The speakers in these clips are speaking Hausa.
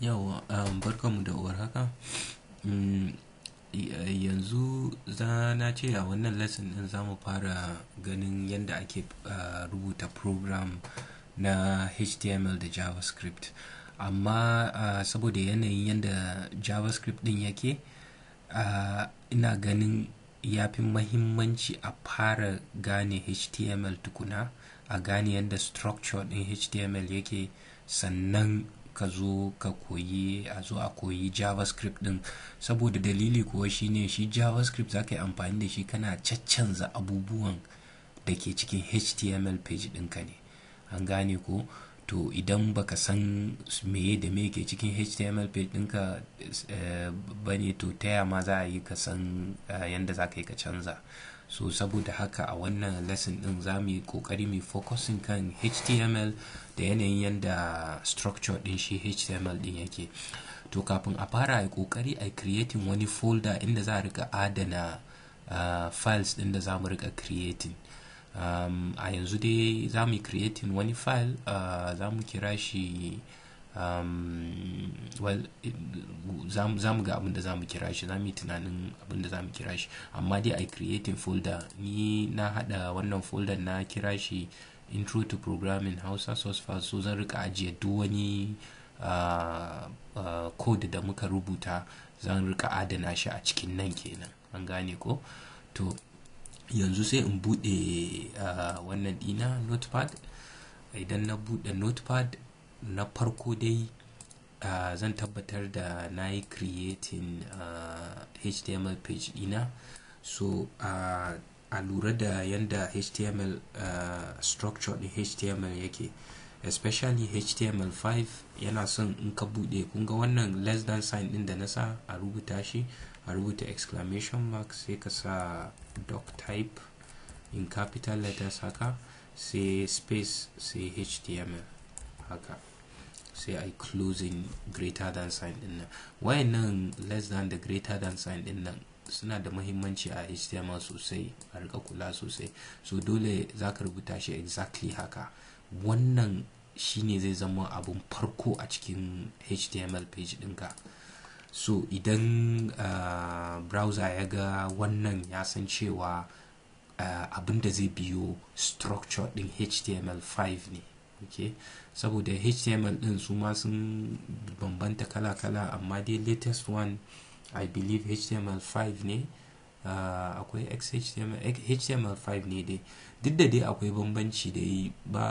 Yawwa, um, barkanmu da warhaka. Mm, yanzu za na ce a wannan lesson ɗin za mu fara ganin yadda ake uh, rubuta program na HTML da JavaScript. Amma uh, saboda yanayin yadda JavaScript din yake, uh, ina ganin ya fi mahimmanci a fara gane HTML tukuna, a gane yadda structure din HTML yake, sannan ka zo ka koyi a zo a koyi javascript din saboda dalili kuwa shine shi javascript za ka yi amfani da shi kana caccanza abubuwan da ke cikin html page ɗinka ne an gane ko to idan baka san meye da me ke cikin html page ɗinka eh, ba ne to ta ma za a yi ka san eh, yadda za ka yi ka canza so saboda haka a wannan lesson din za mu yi kokari mai focusing kan html da yanayin yadda structure din shi html din yake to kafin a fara a yi kokari a creating wani folder inda za a rika adana uh, files din da za mu rika creating um, a yanzu dai za mu yi creating wani file uh, za mu kira shi Um, za mu ga abin da za mu kira shi za mu yi tunanin abin da za mu kira shi amma dai a creating folder ni na hada wannan folder na kira shi intro to programming hausa source file so zan rika ajiye duk wani uh, uh, code da muka rubuta zan rika adana shi a cikin nan kenan an gane ko to yanzu sai in bude uh, wannan dina notepad idan na bude notepad na farko dai uh, zan tabbatar da na yi creating uh, html page dina so uh, a lura da yanda html uh, structure din html yake especially html5 yana son in ka bude kunga wannan less than sign din da na sa a rubuta shi a rubuta exclamation mark sai ka sa doc type in capital letters haka sai space sai html haka sai ai closing greater than sign din nan wayannan less than da greater than sign din nan suna da mahimmanci a html sosai a rika kula sosai so dole za ka rubuta shi exactly haka wannan shine zai zama abun farko a cikin html page ɗinka so idan uh, browser ya ga wannan ya san cewa uh, abin da zai biyo structure din html5 ne ok saboda html din su ma sun bambanta kala-kala amma dai latest one i believe html5 ne uh, akwai xhtml html5 ne dai duk da dai akwai bambanci da yi ba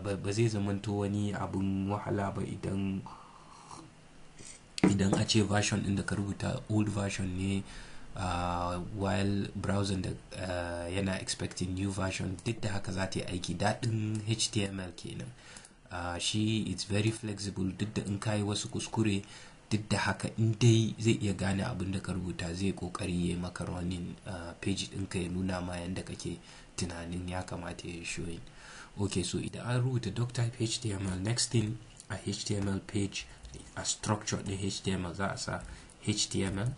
ba zai zamanto wani abun wahala ba idan idan a ce version din da ka rubuta old version ne Uh, while browsing da uh, yana expecting new version duk da haka za ta yi aiki daɗin html kenan uh, shi it's very flexible duk da in kayi wasu kuskure duk da haka in dai zai iya gane abin da ka rubuta zai kokari ya maka running uh, page ɗinka ya nuna ma yadda kake tunanin ya kamata ya showing ok so idan an rubuta doc type html next thing a html page a structure ɗin html za a sa html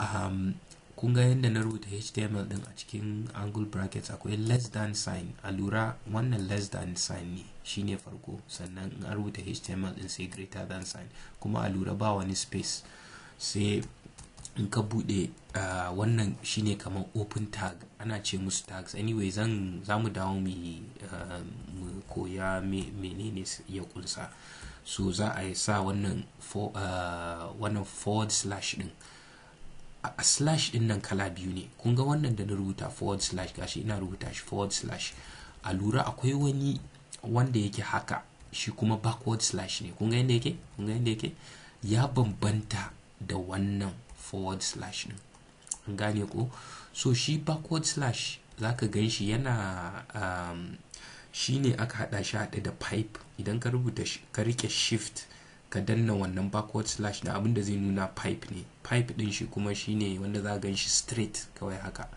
um, kun ga yadda na rubuta html din a cikin angle brackets akwai less than sign a lura wannan less than sign ne shine farko sannan in an rubuta html din sai greater than sign kuma a lura ba wani space sai in ka bude uh, wannan shine kamar open tag ana ce musu tags anyway zan za mu dawo mu um, koya menene ya kunsa so za a yi sa uh, wannan forward slash din a slash din nan kala biyu ne kun ga wannan da na rubuta forward slash gashi ina rubuta shi forward slash a lura akwai wani wanda yake haka shi kuma backward slash ne kun ga yadda yake kun ga yadda yake ya bambanta da wannan forward slash din an gane ko so shi backward slash zaka gan shi yana um, shi ne aka hada shi haɗe da pipe idan ka rubuta ka rike shift ka danna wannan backward slash na abinda zai nuna pipe ne pipe din shi kuma shine wanda za gan shi straight kawai haka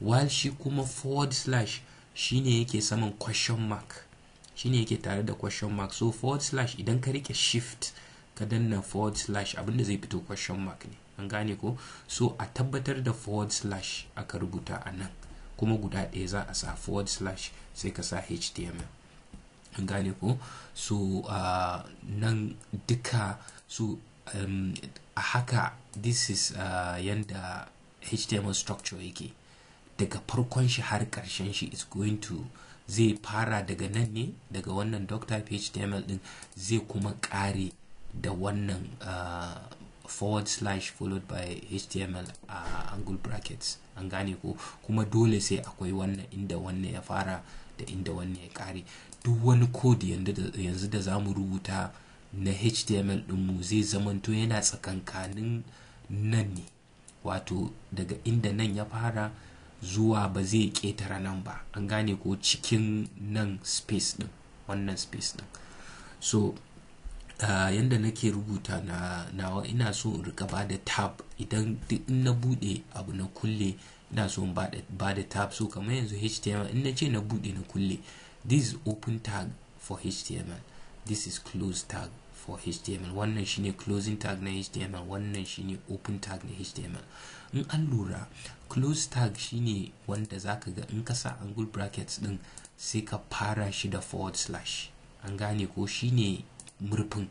while shi kuma forward slash shine yake saman question mark shine yake tare da question mark so forward slash idan ka rike shift ka danna forward slash abinda zai fito question mark ne an gane ko so a tabbatar da forward slash aka rubuta a nan kuma guda ɗaya za a sa forward slash sai ka sa html an gane ko so nan duka so um, a haka this is yanda html structure yake daga farkon shi har karshen shi is going to zai fara daga nan ne daga wannan doctor html din zai kuma kare da wannan uh, forward slash followed by html a uh, angle brackets an gane ko kuma dole sai akwai wannan inda wannan ya fara da inda wannan ya kare duk wani code yanzu da za mu rubuta na html mu zai zamanto yana tsakankanin nan ne wato daga inda nan ya fara zuwa ba zai ƙetara nan ba an gane ko cikin nan space din wannan space din so uh, yadda nake rubuta na nawa ina so in rika ba da tab idan duk in na bude abu na kulle ina so in ba da tab so kamar yanzu html in na ce na bude na kulle this is open tag for html this is closed tag for html wannan shine closing tag na html wannan shine open tag na html in an lura close tag shine wanda zaka ga in ka sa angle brackets din sai ka fara shi da forward slash an gane ko shine murfin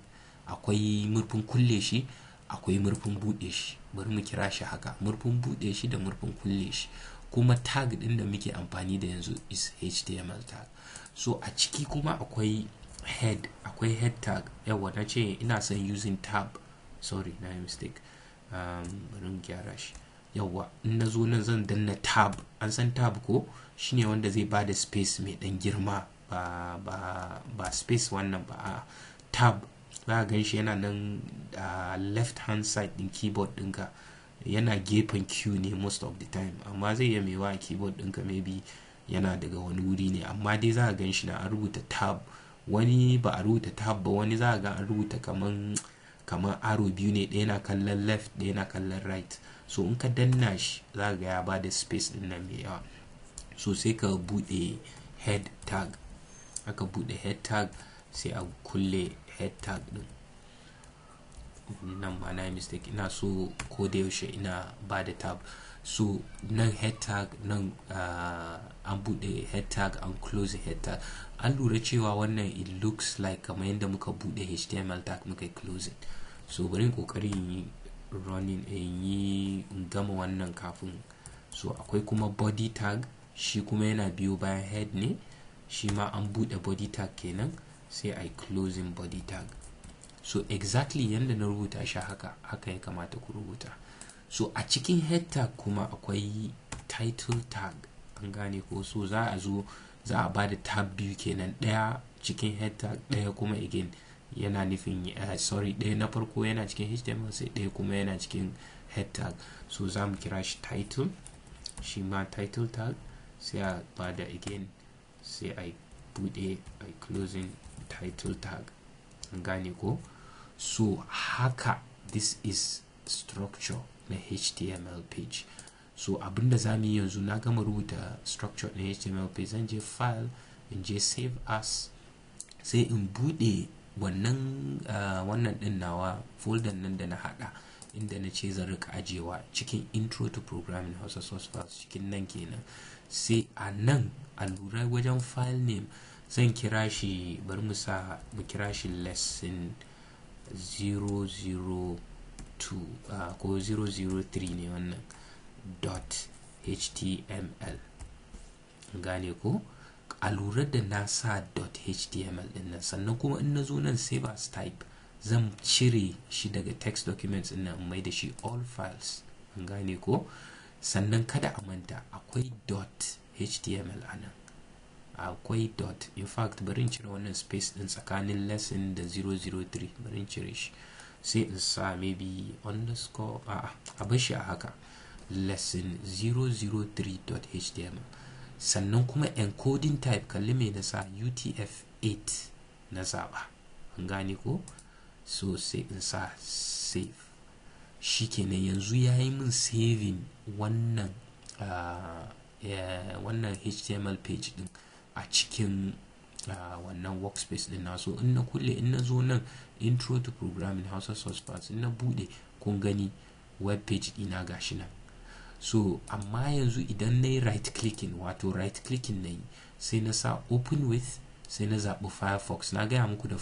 akwai murfin kulle shi akwai murfin buɗe shi bari mu kira shi haka murfin buɗe shi da murfin kulle shi kuma tag din da muke amfani da yanzu is html tag so a ciki kuma akwai head akwai head tag yawa na ce ina son using tab sorry na yi mistake um, gyara shi yawa na zo nan zan danna tab an san tab ko shine wanda zai ba da space mai dan girma ba ba ba space wannan ba tab za a ganshi yana nan a left hand side din keyboard dinka yana gefen q ne most of the time amma zai iya mewa a keyboard dinka maybe yana daga wani wuri ne amma dai za a gan shi na an rubuta tab wani ba a rubuta tab ba wani za a ga an rubuta kaman aro biyu ne ɗaya na kallon left ɗaya na kallon right so in ka danna shi za ga ya ba da space ɗin nan mai yawa so sai ka buɗe head tag aka buɗe head tag sai a kulle head tag ɗin nan ma na mistake ina so ko da yaushe ina ba da tab so nan head tag nan uh, an bude head tag an close head tag an lura cewa wannan it looks like kamar yadda muka bude html tag muka close it so bari kokarin yi running in yi gama wannan kafin so akwai kuma body tag shi kuma yana biyo bayan head ne shi ma an bude body tag kenan sai a closing body tag so exactly yadda na rubuta shi haka haka ya kamata ku rubuta so a cikin head tag kuma akwai title tag an gane ko so za a zo za a bada tab biyu kenan daya cikin head tag daya kuma again yana nufin uh, sorry daya na farko yana cikin html sai daya kuma yana cikin head tag so za mu kira shi title shi ma title tag sai a bada again sai a bude a closing title tag an gane ko so haka this is structure na html page so abinda za mu yi yanzu na gama rubuta structure na html page zan je file in je save as sai in bude wannan ah, wannan din nawa folder nan da na hada inda na ce zan rika ajewa cikin intro to programming hausa source files cikin nan kenan sai a nan a lura wajen file name zan kira shi bari mu sa mu kira shi lesson 00 2 uh, ko 003 ne wannan dot html gane ko a lura da na sa dot html sannan kuma in na zo nan save as type zan cire shi daga text documents din nan mai da shi all files gane ko sannan kada a manta akwai dot html a nan akwai dot in fact barin cire wannan space din tsakanin lesson da 003 barin cire shi sai in sa maybe underscore a a shi a haka lesson 003.html sannan kuma encoding type kalli mai nasa utf-8 na zaba an gane ko so sai in sa save shikenan yanzu ya yi min saving wannan ah, eh, wannan html page din a cikin a wannan workspace din naso in na kulle in na zo nan intro to programming hausa source in na bude kun gani web page ina gashi nan so amma yanzu idan na yi right clicking wato right clicking na yi sai na sa open with sai na zaɓi firefox na gaya muku da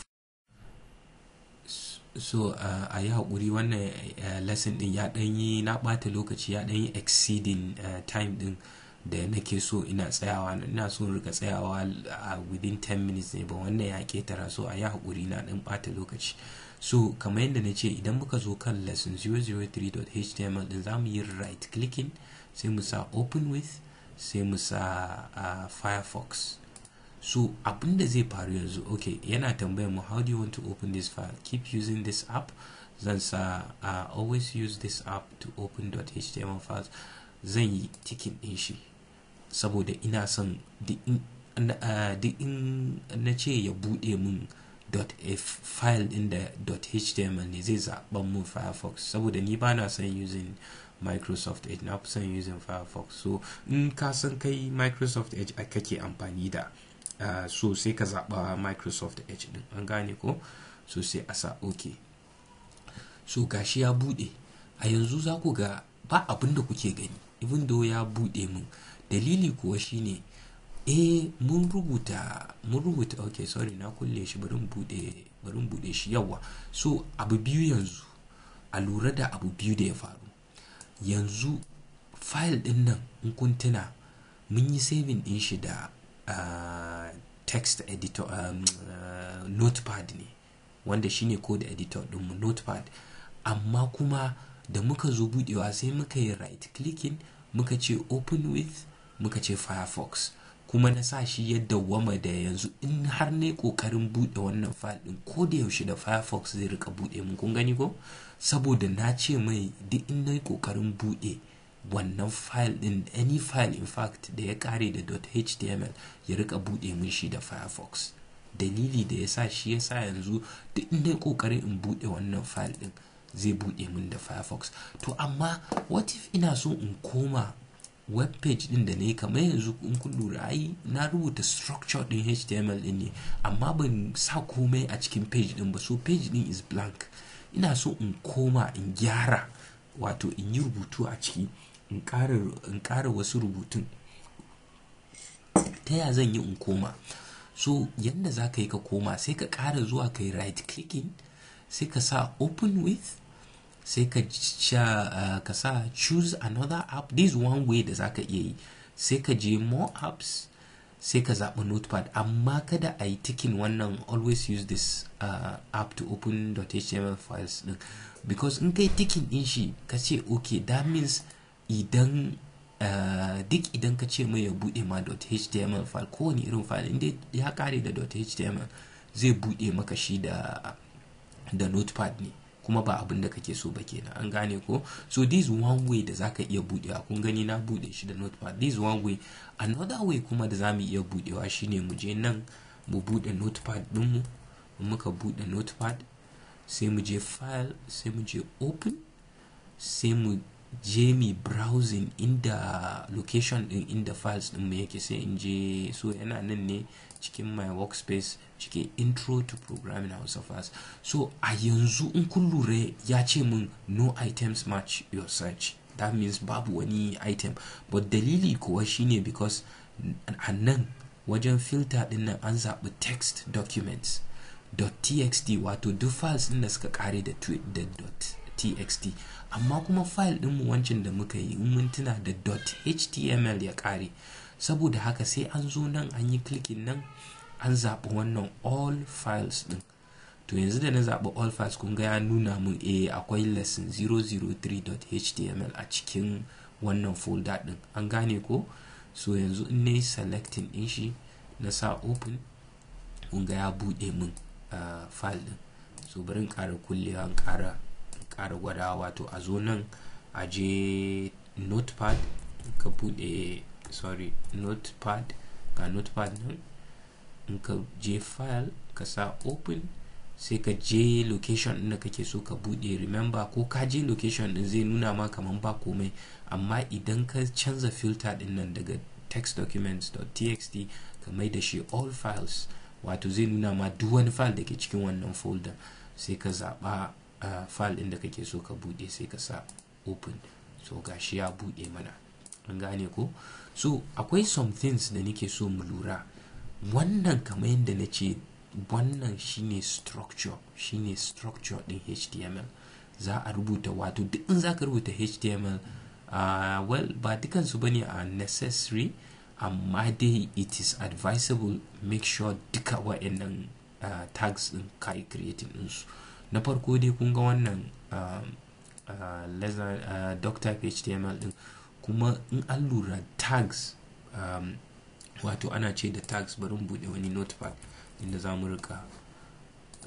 so uh, a yi haƙuri wannan uh, lesson din ya ɗanyi na ɓata lokaci ya ɗanyi exceeding uh, time ɗin da nake so ina tsayawa ina so rika tsayawa a uh, within 10 minutes ne ba wannan ya ketara so a yi haƙuri na ɗan ɓata lokaci so kamar yadda na ce idan muka zo kan lesson 003.html din za mu yi right clicking sai mu sa open with sai mu sa uh, firefox so abinda zai faru yanzu ok yana tambayar mu how do you want to open this file keep using this app zan sa uh, always use this app to open .html files zan yi ticket ɗin shi saboda ina son duk in na ce ya buɗe min .file ɗin da .html ne zai zaben mun firefox saboda ni ba na son using microsoft edge na fi son using firefox so in ka san kai microsoft edge kake amfani da Uh, so sai ka zaɓa microsoft edge din an gane ko so sai a sa ok so gashi ya buɗe a yanzu za ku ga ba abin da kuke gani even though ya buɗe mun dalili kuwa shine eh mun rubuta mun rubuta ok sorry na kulle shi barin bude shi yawa so abu biyu yanzu a lura da abu biyu da ya faru yanzu file din nan in kun tuna mun yi saving din shi da uh, text editor um, ah, notepad ne wanda shine code editor dinmu notepad amma kuma da muka zo budewa sai muka yi right clicking muka ce open with muka ce firefox kuma na sa shi yadda wama da yanzu in har ne kokarin bude wannan fayil din ko da yaushe da firefox zai rika bude mun kun gani ko saboda na ce mai duk in na kokarin bude wannan file din any file in fact da ya kare da .html ya rika bude mun shi da firefox dalili da ya sa shi ya sa yanzu duk in na kokarin in bude wannan file din zai bude mun da firefox to amma what if ina so in koma web page din da na yi kamar yanzu in kun lura ai na rubuta structure din html din ne amma ban sa komai a cikin page din ba so page din is blank ina so in koma in gyara wato in yi rubutu a ciki in ƙara wasu rubutun ta ya zan yi in koma so yadda za ka yi ka koma sai ka ƙara zuwa ka yi right clicking sai ka sa open with sai ka eh, ka sa choose another app this one way da zaka iya yi sai ka je more apps sai ka zaɓi notepad amma kada a yi tikin wannan always use this uh, app to open .html files din because in kai tikin din shi ka ce okay that means idan uh, duk idan ka ce mai ya buɗe ma .html file kowane irin file inda ya kare da .html zai buɗe maka shi da da notepad ne kuma ba abin da kake so ba kenan an gane ko so this one way da zaka iya budewa kun gani na bude shi da notepad this one way another way kuma da zamu iya budewa shine mu je nan mu bude notepad din mu muka bude notepad sai mu je file sai mu je open sai mu je mi browsing inda location din inda files din mu yake sai in je so yana nan ne cikin my workspace cike intro to programming house of us so a yanzu in kun lura ya ce min no items match your search that means babu wani item but dalili kuwa shine because a nan wajen filter din nan an zaɓi text documents .txt wato duk files din da suka kare da .txt amma kuma file ɗinmu wancan da muka yi mun tuna da .html ya kare saboda haka sai an zo nan an yi klikin nan an zaɓi wannan all files ɗin to yanzu da na zaɓi all files kun ga ya nuna mun a eh, akwai lesson 003.html a cikin wannan folder ɗin an gane ko so yanzu in na yi selecting ɗin shi na sa open kun ga ya buɗe mun uh, file ɗin so bari in ƙara kullewa in ƙara ƙara gwadawa wato a zo nan a je notepad ka buɗe sorry notepad ga notepad nan in ka je file ka sa open sai ka je location ɗin da kake so ka buɗe remember ko ka je location ɗin zai nuna ma kaman ba komai amma idan ka canza filter ɗin nan daga text txt ka mai da shi all files wato zai nuna ma duk wani file da ke cikin wannan folder sai ka zaɓa uh, file ɗin da kake so ka buɗe sai ka sa open so gashi ya buɗe mana an gane ko so akwai some things da nake so mu lura wannan kamar yadda na ce wannan shine structure shine structure din html za a rubuta wato duk in za ka rubuta html uh, ah, well ba dukansu ba ne a necessary amma dai it is advisable make sure duka wa'annan uh, ah, tags din kai creating ɗinsu na farko dai kun ga wannan uh, uh, uh, doctor html din kuma in an lura tags um, wato ana ce da tags barin bude buɗe wani notepad inda za mu rika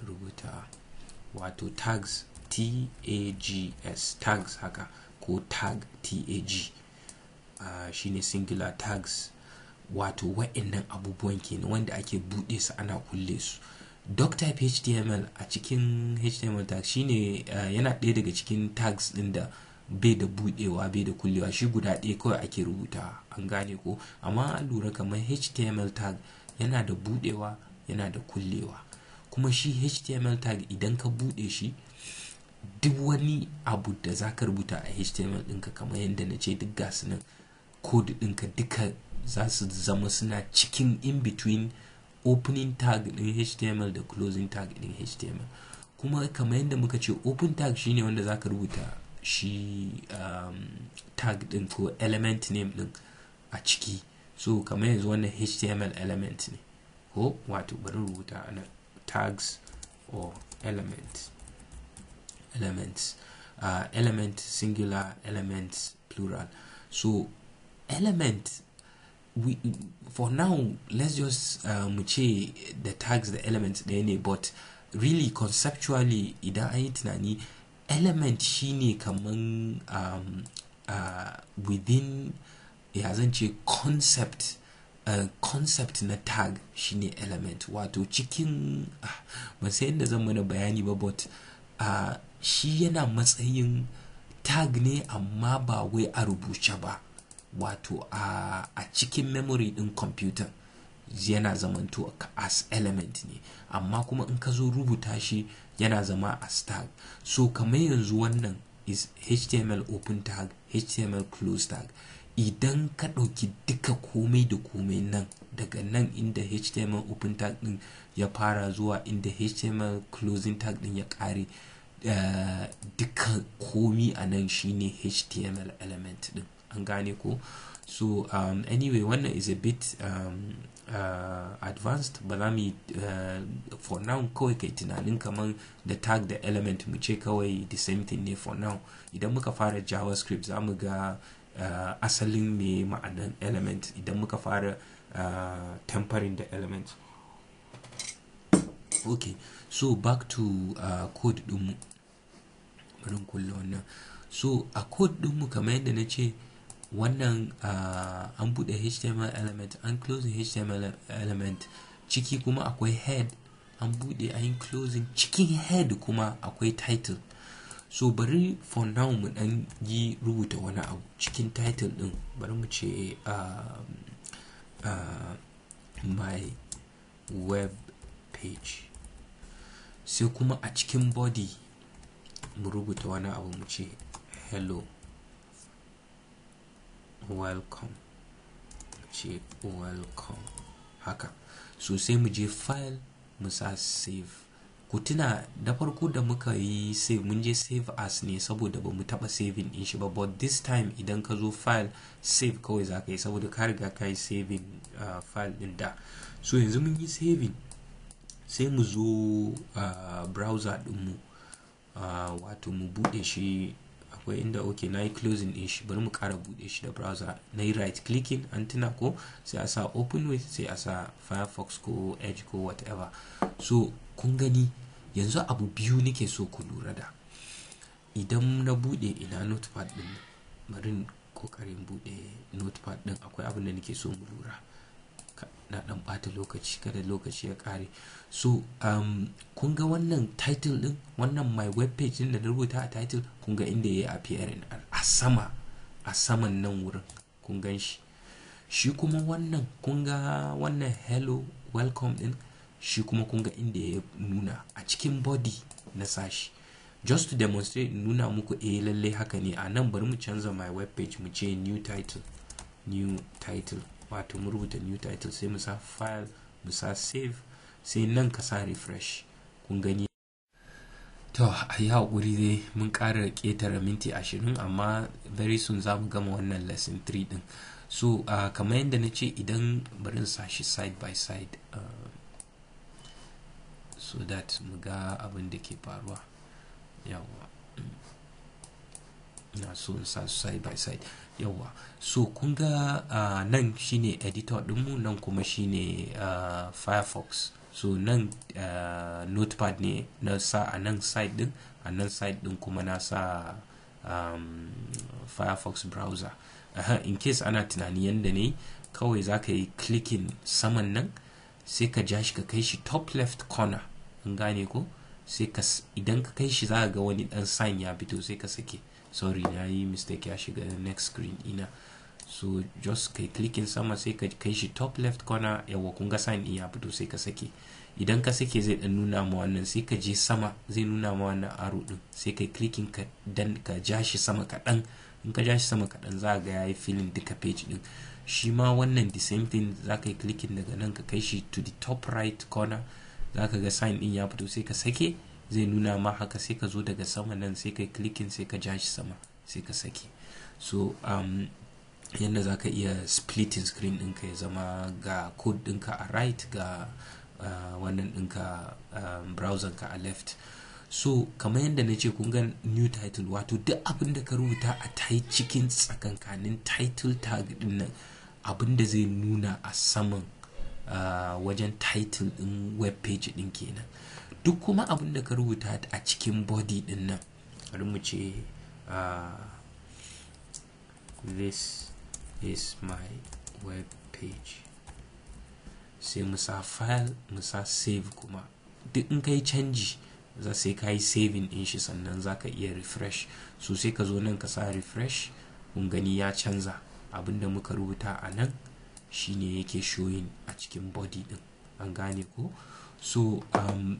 rubuta wato tags tags tags haka ko tag tag uh, shine singular tags wato wa'annan abubuwan kenan wanda ake buɗe su ana kulle su doc type html a cikin html tag shine uh, yana ɗaya daga cikin tags ɗin da bai da budewa bai da kullewa shi guda ɗaya kawai ake rubuta an gane ko amma an lura kamar html tag yana da budewa yana da kullewa kuma shi html tag idan ka bude shi duk wani abu da za ka rubuta a html ɗinka kamar yadda na ce duk gasu nan code ɗinka duka za su zama suna cikin in between opening tag ɗin html da closing tag ɗin html kuma kamar yadda muka ce open tag shine wanda za ka rubuta shi um, tag din ko element name din a ciki so kamar yanzu wannan html element ne ko wato bari rubuta ana tags or element elements uh, element singular elements plural so element we for now let's just uh, mu um, ce the tags the elements ɗaya ne but really conceptually idan an yi tunani element shine kaman um, uh, within ya zan ce concept uh, concept na tag shine element wato cikin uh, ah, da sai yadda zan mana bayani ba but uh, shi yana matsayin tag ne amma ba wai a rubuce ba wato uh, a cikin memory din computer yana zamanto as element ne amma kuma in ka zo rubuta shi yana zama a tag so kamar yanzu wannan is html open tag html close tag idan ka ɗauki duka komai da komai nan daga nan inda html open tag din ya fara zuwa inda html closing tag din ya ƙare uh, duka komi a nan shine html element ɗin an gane ko so um, anyway wannan is a bit um, Uh, advanced ba za mu uh, for now kawai kai tunanin kamar da tag da element mu ce kawai the same thing ne for now idan muka fara javascript za mu ga uh, asalin me ma'anan element idan muka fara uh, tempering da element okay so back to uh, code dinmu bari kulle wannan so a code dinmu kamar yadda na ce wannan ah, an buɗe html element an closing html element ciki kuma akwai head an buɗe an closing cikin head kuma akwai title so bari for now mu ɗan yi rubuta wani abu cikin title ɗin bari mu ce ah, ah, my web page sai kuma a cikin body mu rubuta wani abu mu ce hello welcome ce welcome haka so sai mu je file mu sa save ku tuna da farko da muka yi save mun je save as ne saboda ba mu taba saving din shi ba but this time idan ka zo file save kawai za ka yi saboda ka riga ka yi saving uh, file din da so yanzu mun yi saving sai mu zo uh, browser dinmu uh, ah, wato mu bude shi akwai inda oke na yi closing din shi bari mu kara bude shi da browser na yi right clicking an tuna ko sai a sa open with sai a sa firefox ko edge ko whatever so kun gani yanzu abu biyu nake so ku lura da idan na bude ina notepad din bari kokarin bude notepad din akwai abin da nake so mu lura na dan bata lokaci kada lokaci ya kare so um, kun ga wannan title din wannan my web page din da na rubuta a title kun ga inda yayi a PRNR a sama a saman nan wurin kun gan shi shi kuma wannan kun ga wannan hello welcome din shi kuma kun ga inda ya nuna a cikin body na sashi just to demonstrate nuna muku eh lallai haka ne a nan bari mu canza my web page mu ce new title new title wato mu rubuta new title sai mu sa file mu sa save sai nan ka sa refresh kun gani to a yi haƙuri dai mun ƙara ƙetare minti ashirin amma very soon za mu gama wannan lesson 3 din so uh, kamar yadda na ce idan barin sa shi side by side uh, so that mu ga abin da ke faruwa yawa na so in sa side by side yawa so kun ga uh, nan shine editor dinmu nan kuma shine uh, firefox so nan ah, notepad ne na sa a nan side din a nan side din kuma na sa um, firefox browser uh, in case ana tunani yadda ne kawai za ka yi clicking saman nan sai ka ja shi ka kai shi top left corner in gane ko sai ka idan ka kai shi za ga wani dan sign ya fito sai ka sake sorry na yi mistake ya shiga next screen ina so just kai clicking sama sai ka kai shi top left corner yawa kun ga sign in ya fito sai ka sake idan ka sake zai dan nuna ma wannan sai ka je sama zai nuna ma wannan arrow din sai kai clicking ka dan ka ja shi sama kadan in ka ja shi sama kaɗan za ga yayi filin duka page din shi ma wannan the same thing za ka yi clicking daga nan ka kai shi to the top right corner za ka ga sign in ya fito sai ka sake zai nuna ma haka sai ka zo daga sama nan sai ka klikin sai ka ja sama sai ka saki so um, yadda za ka iya splitting screen ɗinka ya zama ga code ɗinka a right ga uh, wannan ɗinka um, browser ka a left so kamar yadda na ce kun ga new title wato duk abin da ka rubuta a tai cikin tsakankanin title tag din nan abin da zai nuna a saman uh, wajen title din web page din kenan duk kuma abin da ka rubuta a cikin body din nan bari mu ce this is my web page sai musa file musa save kuma duk in kai canji za sai ka yi saving din shi sannan za ka iya refresh so sai ka zo nan ka sa refresh kun gani ya canza da muka rubuta a nan shine yake showing a cikin body din an gane ko so um,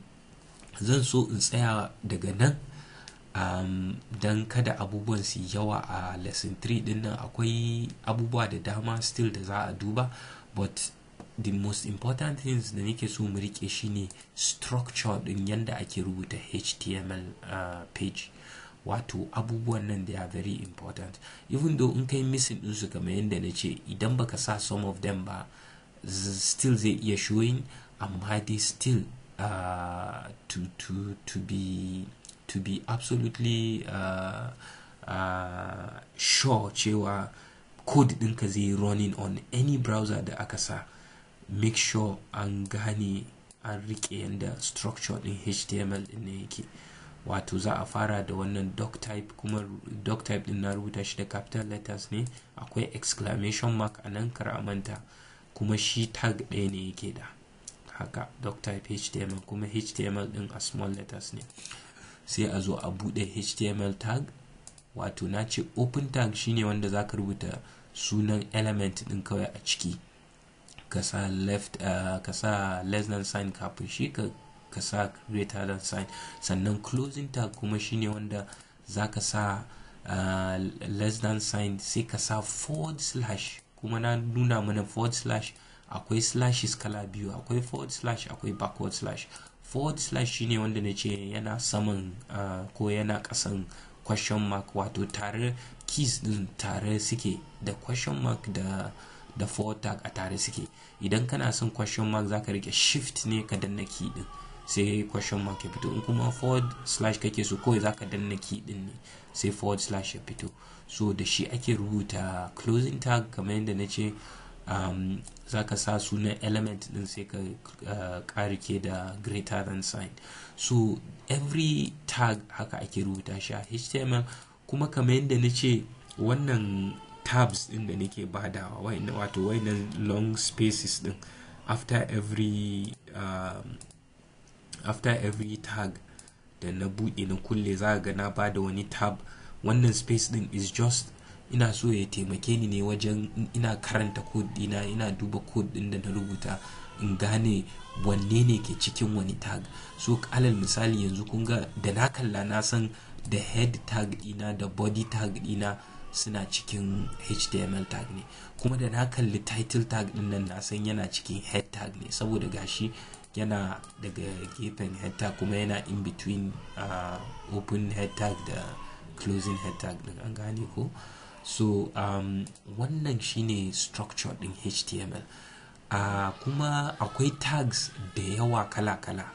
zan so in tsaya daga nan um, don kada abubuwan su yawa a lesson 3 din nan akwai abubuwa da dama still da za a duba but the most important things da nake so mu rike shine structure din yanda ake rubuta html uh, page wato abubuwan nan they are very important even though in kai missing din su kamar yadda na ce idan baka sa some of them ba still zai iya showing amma dai still Uh, to to to be to be absolutely uh, uh, sure cewa code ɗinka zai running on any browser da aka sa make sure an gane an rike yanda structure din html din ne yake wato za a fara da wannan doc type kuma doc type ɗin na rubuta shi da capital letters ne akwai exclamation mark a nan manta kuma shi tag ɗaya ne yake da haka type html kuma html din a small letters ne sai a zo a bude html tag wato na ce open tag shine wanda za ka rubuta sunan element din kawai a ciki ka sa left uh, eh, kasa less than sign kafin shi ka kasa greater than sign sannan closing tag kuma shine wanda za ka sa uh, less than sign sai ka sa forward slash kuma na nuna mana forward slash akwai slashes kala biyu akwai forward slash akwai backward slash forward slash shine wanda na ce yana saman uh, ko yana kasan question mark wato tare keys din tare suke da question mark da da forward tag a tare suke idan kana son question mark zaka rike shift ne ka danna key din sai question mark ya fito in kuma forward slash kake so kawai zaka danna key din ne sai forward slash ya fito so da shi ake rubuta closing tag kamar yadda na ce um, za ka sa sunan element din sai ka uh, karike da greater than sign so every tag haka ake rubuta shi a html kuma kamar yadda na ce wannan tabs din da nake badawa wato wainan long spaces din after every um, after every tag da na buɗe na kulle za ga na bada wani tab wannan space din is just ina so ya taimake ni ne wajen ina karanta dina ina duba din da na rubuta in gane wanne ne ke cikin wani tag so alal misali yanzu kun ga da na kalla na san da head tag dina da body tag dina suna cikin html tag ne kuma da na kalli title tag din nan na san yana cikin head tag ne saboda gashi yana daga gefen head tag kuma yana in between uh, open head tag da closing head tag din an gane ko so um, wannan shine structure din html uh, ah, kuma akwai tags da yawa kala-kala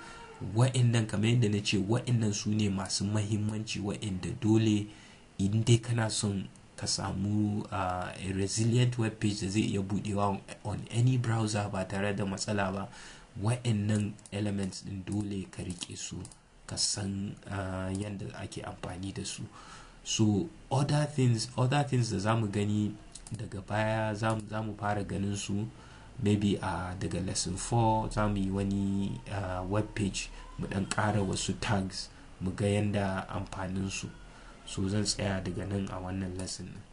wa'annan kamar yadda na ce wa'annan su ne masu mahimmanci wa'anda dole in dai kana son ka samu uh, a resilient web page da zai iya budewa on any browser ba tare da matsala ba wa'annan elements din dole ka rike su ka san uh, ah, yadda ake amfani da su so other things other things da za mu gani daga baya za mu fara ganin su maybe a uh, daga lesson 4 za mu yi wani uh, web page mu dan ƙara wasu tags mu ga yanda amfanin su so zan tsaya daga nan a wannan lesson